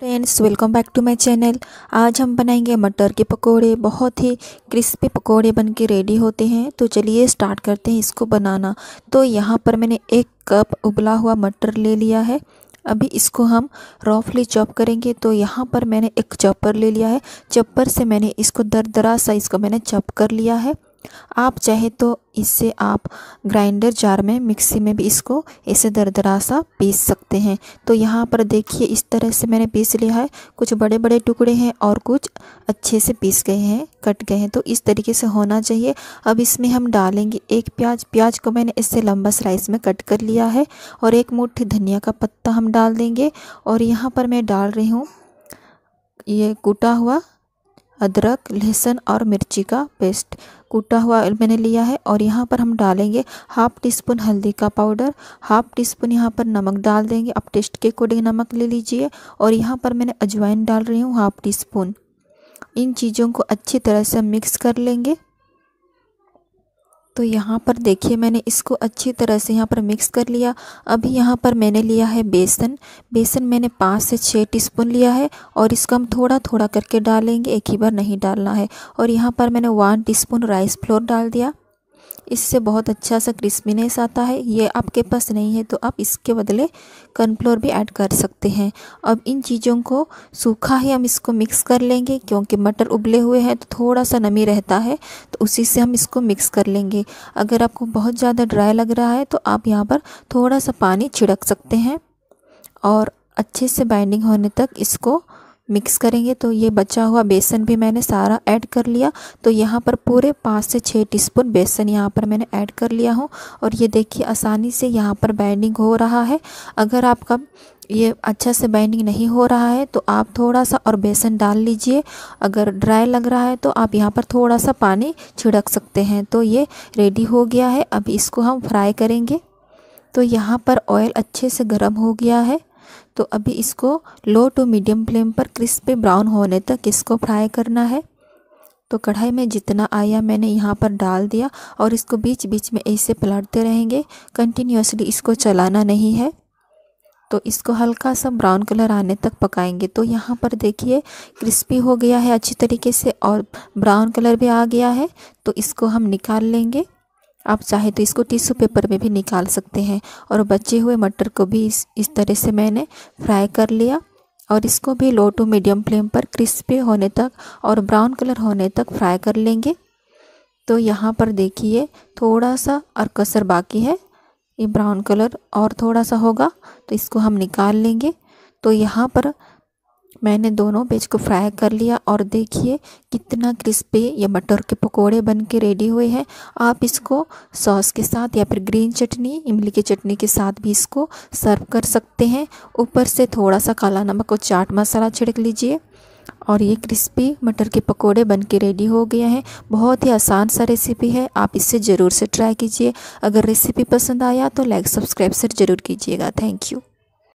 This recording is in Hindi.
friends welcome back to my channel आज हम बनाएंगे मटर के पकोड़े बहुत ही क्रिस्पी पकोड़े बन के रेडी होते हैं तो चलिए स्टार्ट करते हैं इसको बनाना तो यहाँ पर मैंने एक कप उबला हुआ मटर ले लिया है अभी इसको हम रॉफली चॉप करेंगे तो यहाँ पर मैंने एक चॉपर ले लिया है चॉपर से मैंने इसको दर दरा साइज़ का मैंने चॉप कर लिया है आप चाहे तो इससे आप ग्राइंडर जार में मिक्सी में भी इसको ऐसे दरदरा सा पीस सकते हैं तो यहाँ पर देखिए इस तरह से मैंने पीस लिया है कुछ बड़े बड़े टुकड़े हैं और कुछ अच्छे से पीस गए हैं कट गए हैं तो इस तरीके से होना चाहिए अब इसमें हम डालेंगे एक प्याज प्याज को मैंने इससे लंबा स्लाइस में कट कर लिया है और एक मुट्ठी धनिया का पत्ता हम डाल देंगे और यहाँ पर मैं डाल रही हूँ ये कूटा हुआ अदरक लहसुन और मिर्ची का पेस्ट कूटा हुआ मैंने लिया है और यहाँ पर हम डालेंगे हाफ़ टी स्पून हल्दी का पाउडर हाफ़ टी स्पून यहाँ पर नमक डाल देंगे आप टेस्ट के अकॉर्डिंग नमक ले लीजिए और यहाँ पर मैंने अजवाइन डाल रही हूँ हाफ़ टी स्पून इन चीज़ों को अच्छी तरह से मिक्स कर लेंगे तो यहाँ पर देखिए मैंने इसको अच्छी तरह से यहाँ पर मिक्स कर लिया अभी यहाँ पर मैंने लिया है बेसन बेसन मैंने पाँच से छः टीस्पून लिया है और इसको हम थोड़ा थोड़ा करके डालेंगे एक ही बार नहीं डालना है और यहाँ पर मैंने वन टीस्पून राइस फ्लोर डाल दिया इससे बहुत अच्छा सा क्रिस्पीनेस आता है ये आपके पास नहीं है तो आप इसके बदले कर्नफ्लोर भी ऐड कर सकते हैं अब इन चीज़ों को सूखा ही हम इसको मिक्स कर लेंगे क्योंकि मटर उबले हुए हैं तो थोड़ा सा नमी रहता है तो उसी से हम इसको मिक्स कर लेंगे अगर आपको बहुत ज़्यादा ड्राई लग रहा है तो आप यहाँ पर थोड़ा सा पानी छिड़क सकते हैं और अच्छे से बाइंडिंग होने तक इसको मिक्स करेंगे तो ये बचा हुआ बेसन भी मैंने सारा ऐड कर लिया तो यहाँ पर पूरे पाँच से छः टीस्पून बेसन यहाँ पर मैंने ऐड कर लिया हूँ और ये देखिए आसानी से यहाँ पर बाइंडिंग हो रहा है अगर आपका ये अच्छा से बाइंडिंग नहीं हो रहा है तो आप थोड़ा सा और बेसन डाल लीजिए अगर ड्राई लग रहा है तो आप यहाँ पर थोड़ा सा पानी छिड़क सकते हैं तो ये रेडी हो गया है अब इसको हम फ्राई करेंगे तो यहाँ पर ऑयल अच्छे से गर्म हो गया है तो अभी इसको लो टू मीडियम फ्लेम पर क्रिस्पी ब्राउन होने तक इसको फ्राई करना है तो कढ़ाई में जितना आया मैंने यहाँ पर डाल दिया और इसको बीच बीच में ऐसे पलटते रहेंगे कंटिन्यूसली इसको चलाना नहीं है तो इसको हल्का सा ब्राउन कलर आने तक पकाएंगे तो यहाँ पर देखिए क्रिस्पी हो गया है अच्छी तरीके से और ब्राउन कलर भी आ गया है तो इसको हम निकाल लेंगे आप चाहे तो इसको टिश्यू पेपर में भी निकाल सकते हैं और बचे हुए मटर को भी इस इस तरह से मैंने फ्राई कर लिया और इसको भी लो टू मीडियम फ्लेम पर क्रिस्पी होने तक और ब्राउन कलर होने तक फ्राई कर लेंगे तो यहाँ पर देखिए थोड़ा सा और कसर बाकी है ये ब्राउन कलर और थोड़ा सा होगा तो इसको हम निकाल लेंगे तो यहाँ पर मैंने दोनों पेज को फ्राई कर लिया और देखिए कितना क्रिस्पी ये मटर के पकोड़े बन के रेडी हुए हैं आप इसको सॉस के साथ या फिर ग्रीन चटनी इमली की चटनी के साथ भी इसको सर्व कर सकते हैं ऊपर से थोड़ा सा काला नमक और चाट मसाला छिड़क लीजिए और ये क्रिस्पी मटर के पकोड़े बन के रेडी हो गया है बहुत ही आसान सा रेसिपी है आप इसे ज़रूर से ट्राई कीजिए अगर रेसिपी पसंद आया तो लाइक सब्सक्राइब से ज़रूर कीजिएगा थैंक यू